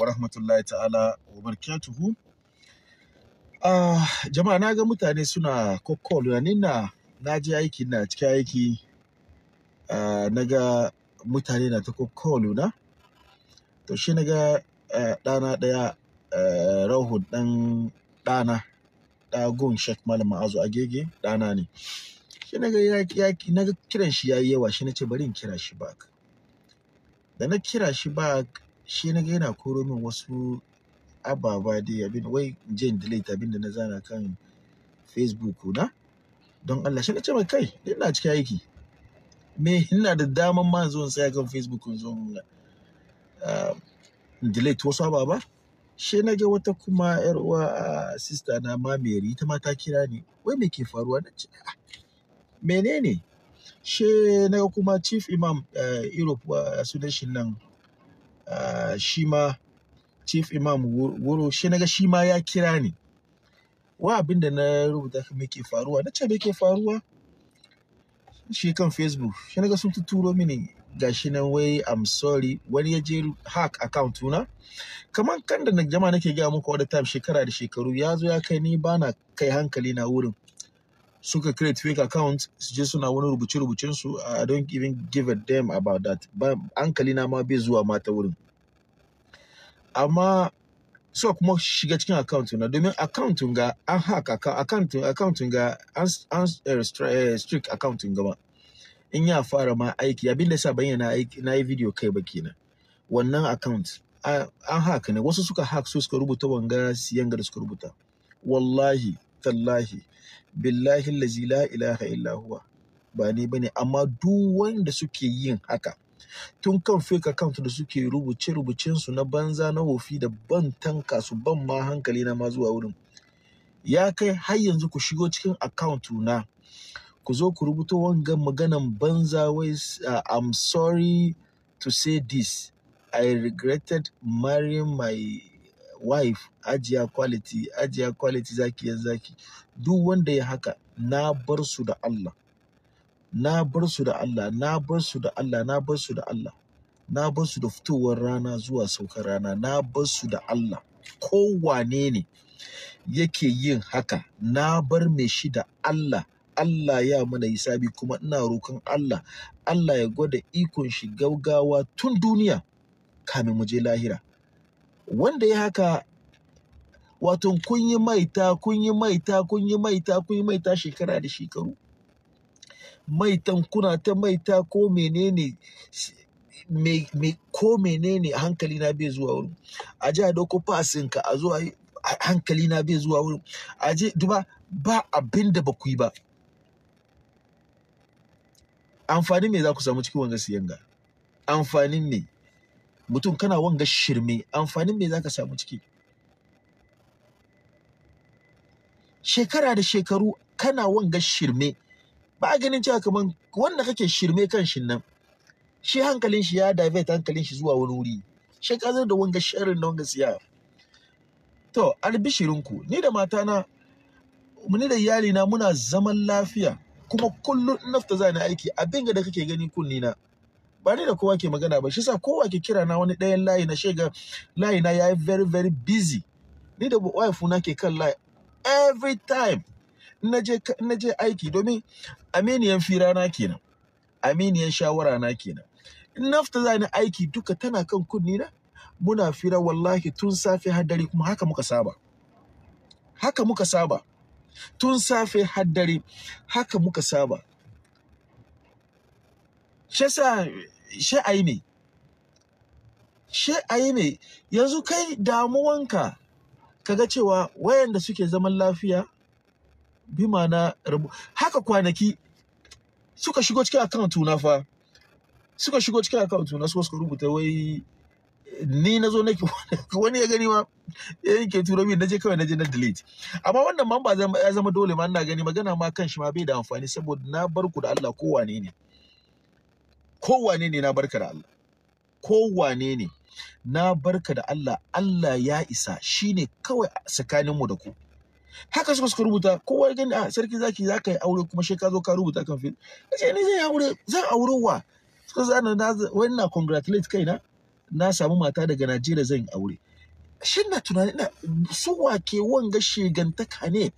wa rahmatullahi ta'ala wa barakatuhu ah jama'a na ga mutane suna kokkolo yanin na na je aiki na cikin aiki ah, na ga mutane na ta kokkol na to shi na ga eh, ɗana ɗaya uh, ɗan ɗana ɗagun shek malam ma'azu agege ɗana ne shi na ga kiran shi yayi yawa shi na ce bari in kira shi ba. da na kira shi ba. shi na ga yana koro min wasu ababa dai abin wai je in delete abin da na zana kan Facebook na. Don Allah shi ka ce mai kai ina cikin aiki. Me ina da daman ma zuwa tsaya kan Facebook in zo ah, in delete wasu ababa? Shi na ga wata kuma yar uwa ah, sister na ma Mary ita ma ta kira ni. Wai me ke faruwa na ce ah, menene? shi na kuma chief imam eh, Europe sunan shi nan Ah, shi ma chief imam wuro shi naga shi ma ya kira ni wa abin da na rubuta me ke faruwa na ce me faruwa shi kan facebook shi naga sun tuturo mini gashi nan wai i'm sorry wani ya je hack account na kamar kan da jama nake gaya muku wadda time shekara da shekaru ya zo ya kai ni bana kai hankali na wurin suka create fake account su je suna wani rubuce-rubucen su i don't even give a damn about that hankali na ma bai zuwa mata wurin amma suka kuma shiga cikin account na domin account ga an haka account ga an eh, eh, strict account ga in ya fara ma aiki abin da sa bayyana aiki na yi video kai ba kenan wannan account an haka ne wasu suka hack su suka rubuta wanga siyan ga da suka rubuta wallahi tallahi billahi lazi la ilaha illa huwa ba ni bane amma duk wanda suke yin haka tun kan fake account da suke rubuce rubucensu na banza na wofi da ban tanka su ban ma hankali na ma zuwa wurin ya kai har yanzu ku shigo cikin account na ku zo ku rubuto wanga maganan banza wai uh, I'm sorry to say this I regretted marrying my wife ajiya quality ajiya quality zaki ya zaki duk wanda ya haka na bar su da Allah na bar su da Allah, na bar su da Allah, na bar su da Allah. Na bar su da fitowar rana zuwa saukar rana, na bar su da Allah. Ko wane ne yake yin haka, na bar mai shi da Allah. Allah ya mana hisabi kuma ina roƙon Allah, Allah ya gwada ikon shi gaugawa tun duniya kamin mu je lahira. Wanda ya haka wato kun yi maita, kun yi maita, kun yi maita, kun yi maita shekara da shekaru. maitan kuna ta maita ko menene ko menene hankali na bai zuwa wurin a ji a dauko fasinka ka a zuwa hankali na bai zuwa wurin a ji duba ba abin da ba ku yi ba amfani me za ku samu cikin wanga siyan ga amfanin ne mutum kana wanga shirme amfanin me za ka samu ciki shekara da shekaru kana wanga shirme ba ganin cewa kaman wanda kake shirme kan shi nan shi hankalin shi ya divert hankalin shi zuwa wani wuri shi kazar da wanga sharrin da wanga siya to albishirinku ni da matana ni da iyalina muna zaman lafiya kuma kullum in fita za ni aiki abin da kake gani kunni na ba ni da kowa ke magana ba shi sa kowa ke kira na wani ɗayan layi na shega layi na yayi very very busy ni da wife na ke kan layi every time na je aiki domin aminiyan fira na kenan aminiyan shawara na kenan in na fita ni aiki duka tana kan kunni na muna fira wallahi tun safe har dare kuma haka muka saba haka muka saba tun safe har dare haka muka saba shesa sha'ai ne sha'ai ne yanzu kai damuwanka kaga cewa wayanda suke zaman lafiya bima na rabu haka kwanaki suka shigo cikin account na fa suka shigo cikin account na suka rubuta wai ni na zo nake wani ya gani ma ya yanke turo min naje kawai naje na delete amma wannan man ba ya zama dole ma ina gani magana ma kan shi ma bai da amfani saboda na barku da Allah wane ne wane ne na barka da Allah wane ne na barka da Allah Allah ya isa shine kawai tsakaninmu da ku haka suka suka rubuta kowa ya gani a ah, sarki zaki za ka yi aure kuma shi ka zo ka rubuta kan fil ya ce ni zai aure zan aure wa suka zana na wani na congratulate kai na na samu mata daga najeriya zan yi aure shi na tunani na su wake wanga shegantaka ne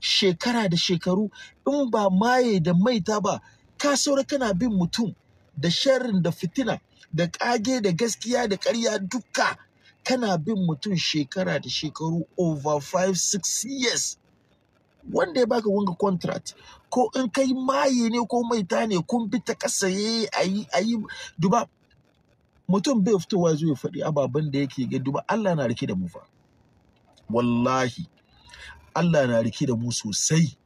shekara da shekaru in ba maye da maita ba ka saura kana bin mutum da sharrin da fitina da kage da gaskiya da karya duka kana bin mutum shekara da shekaru over 5-6 years wanda ya baka wanga contract ko in kai maye ne ko maita ne kun bi ta kasa eh, a yi duba mutum bai fitowa zuwa faɗi ababen da yake ga duba Allah na rike da mu fa wallahi Allah na rike da mu sosai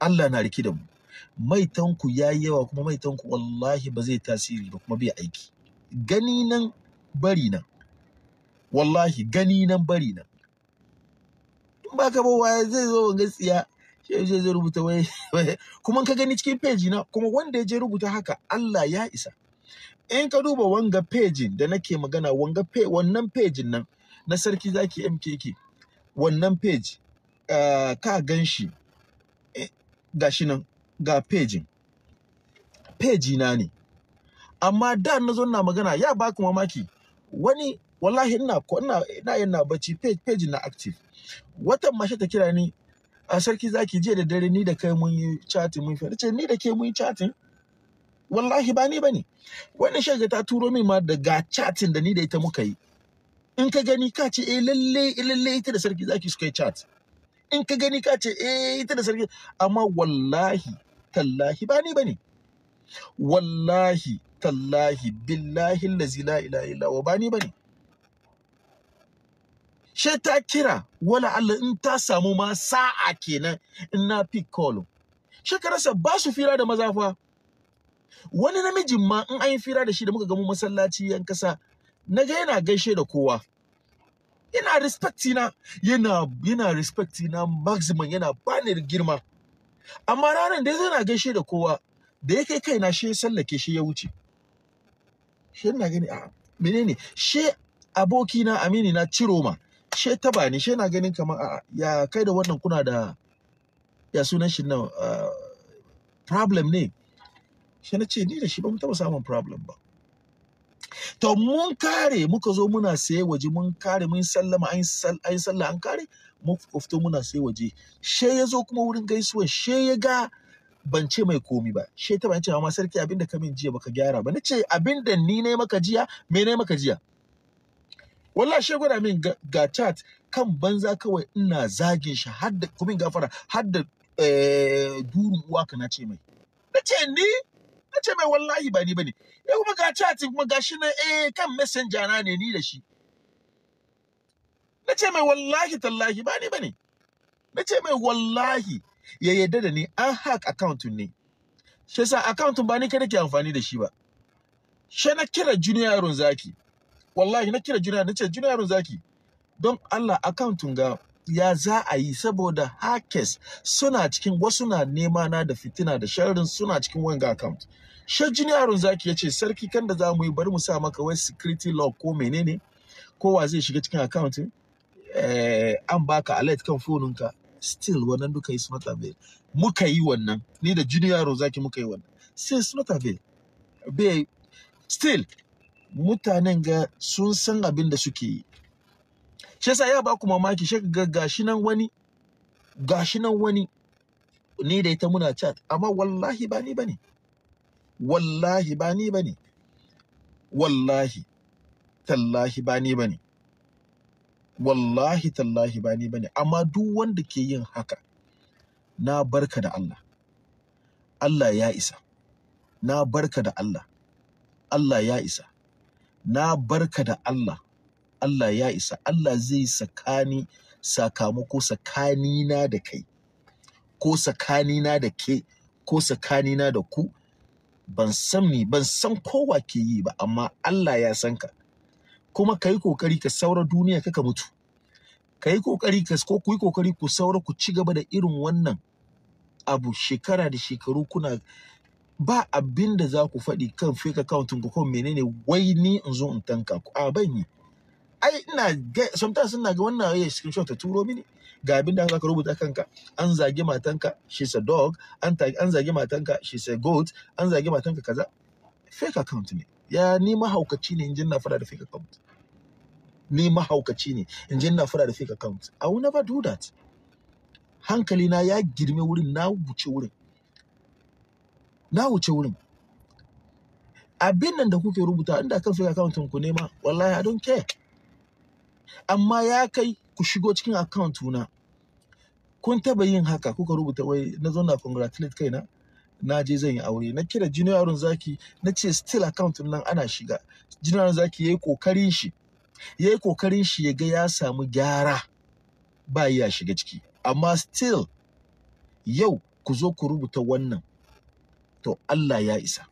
Allah na rike da mu maitanku ya yi yawa kuma mai maitanku wallahi ba zai tasiri ba kuma bai aiki gani nan bari nan wallahi gani nan bari nan in ba ka bawa zai zo ga tsiya shi zai zai rubuta wai kuma ka gani cikin peji na kuma wanda ya je rubuta haka Allah ya isa in ka duba wanga pejin da nake magana wanga pe wannan pejin nan na sarki zaki MKK wannan page uh, ka gan shi eh, ga shi nan ga pejin peji na ne amma da na zo na magana ya ku mamaki wani wallahi ina ko ina ina ina bacci page page na active watan mashi ta kira ni a ah, sarki zaki je da dare ni da kai mun yi chatting mun fara ce ni da ke mun yi chatting wallahi ba ni bane wannan shaga ta turo min ma daga chatting da ni da ita muka yi in ka gani ka ce eh lalle eh, lalle ita da sarki zaki suka yi chat in ka gani ka ce eh ita da sarki amma wallahi tallahi ba ni bane wallahi tallahi billahi allazi la ilaha illa wa ba ni bane she ta kira wala Allah in ta samu ma sa'a kenan in na pick call shekararsa ba su fira da mazafa wani namijin ma in an yi fira da shi da muka gamu masallaci yan kasa na ga yana gaishe da kowa yana respecti na yana yana na maximum yana ba ni girma amma ranar da yana gaishe da kowa da ya kai kaina shi ya sallake shi ya wuce shi yana gani a menene shi aboki na amini na ciroma she taba bani she na ganin kamar a ya kai da wannan kuna da ya sunan shi nan ah, problem ne she na ce ni da shi ba mu taba samun problem ba to mun kare muka zo muna saye waje mun kare mun sallama an yi sallah an kare mun kofto muna saye waje she ya zo kuma wurin gaisuwa she ya ga ban ce mai komi ba she ta ban ce amma sarki abinda ka min jiya baka gyara ba nace abinda ni ne maka jiya me ne maka jiya wallahi shi gwada min ga chat kan banza kawai ina zagin shi har da kuma gafara har da eh, duru uwa ka nace ce mai na ce ni na ce mai wallahi ba ni bane eh kuma ga chat kuma gashi na eh kan messenger na ne ni da shi na ce mai wallahi tallahi ba ni bane na ce mai wallahi ya yadda da ni an hack account ne shi yasa account ba ni kada ki amfani da shi ba shi na kira junior yaron zaki wallahi na kira juniya na ce juniya min zaki don Allah akauntun ga ya za a yi saboda hackers suna cikin wasu na nema na da fitina da sharrin suna cikin wanga account shi juniya zaki ya ce sarki kan da za mu yi bari mu sa maka wai security lock ko menene Ko wa zai shiga cikin account eh, an baka alert kan ka still wannan duka is not avail muka yi wannan ni da junior zaki muka yi wannan sai is not avail bai still mutanen ga sun san abin da suke yi shi yasa ya ba ku mamaki shi ga gashi nan wani gashi nan wani ni da ita muna chat amma wallahi ba ni bane wallahi ba ni bane wallahi tallahi ba ni bane wallahi tallahi ba ni bane amma duk wanda ke yin haka na barka da Allah Allah ya isa na barka da Allah Allah ya isa na barka da Allah Allah ya isa Allah zai sakani sakamako tsakanina da kai ko tsakanina da ke ko tsakanina da ku ban san ni ban san kowa ke yi ba amma Allah ya san ka kuma ka yi kokari ka saura duniya kaka mutu kai kokari ka ko ku yi kokari ku saura ku ci gaba da irin wannan abu shekara da shekaru kuna ba abin da za ku faɗi kan fake account ku ko menene wai ni in zo in tanka ku a ban yi ai ina ga sometimes ina ga wannan ya screenshot ta turo mini ga abin da aka rubuta kanka an zage matanka she's a dog an an zage matanka she's a goat an zage matanka kaza fake account ne ya ni mahaukaci ne in na fara da fake account ni mahaukaci ne in na fara da fake account i will never do that hankali na ya girme wurin na wuce wurin na wuce wurin abin nan da kuke rubuta inda kan fake account ku ne ma wallahi i don't care amma ya kai ku shigo cikin account na kun taba yin haka kuka rubuta wai na zo na congratulate kaina na je zan yi aure na kira junior yaron zaki na ce still account nan ana shiga junior yaron zaki yayi kokarin shi yayi kokarin shi ya ga ya samu gyara ba ya shiga ciki amma still yau ku zo ku rubuta wannan to Allah ya isa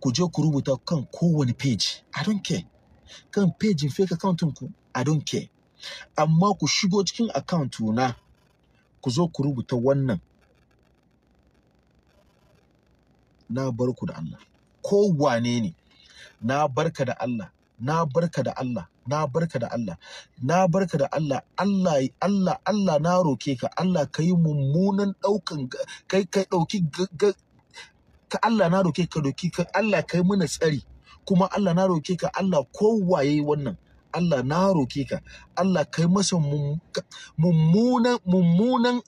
ku je ku rubuta kan kowane page I don't care kan page fake account ku I don't care amma ku shigo cikin account na ku zo ku rubuta wannan na barku da Allah ko wane ne na barka da Allah na barka da Allah na barka da Allah na barka da Allah Allah Allah Allah na roke ka Allah ka yi mummunan ɗaukan kai kai ɗauki ka Allah na roke ka doki ka Allah kai mana tsari kuma Allah na roke ka Allah kowaye wannan Allah na roke ka Allah kai masa mummunan mummunan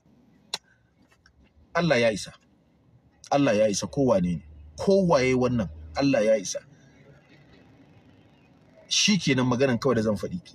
Allah ya isa Allah ya isa kowane ne kowaye wannan Allah ya isa shi kenan maganan kawai da zan faɗi ke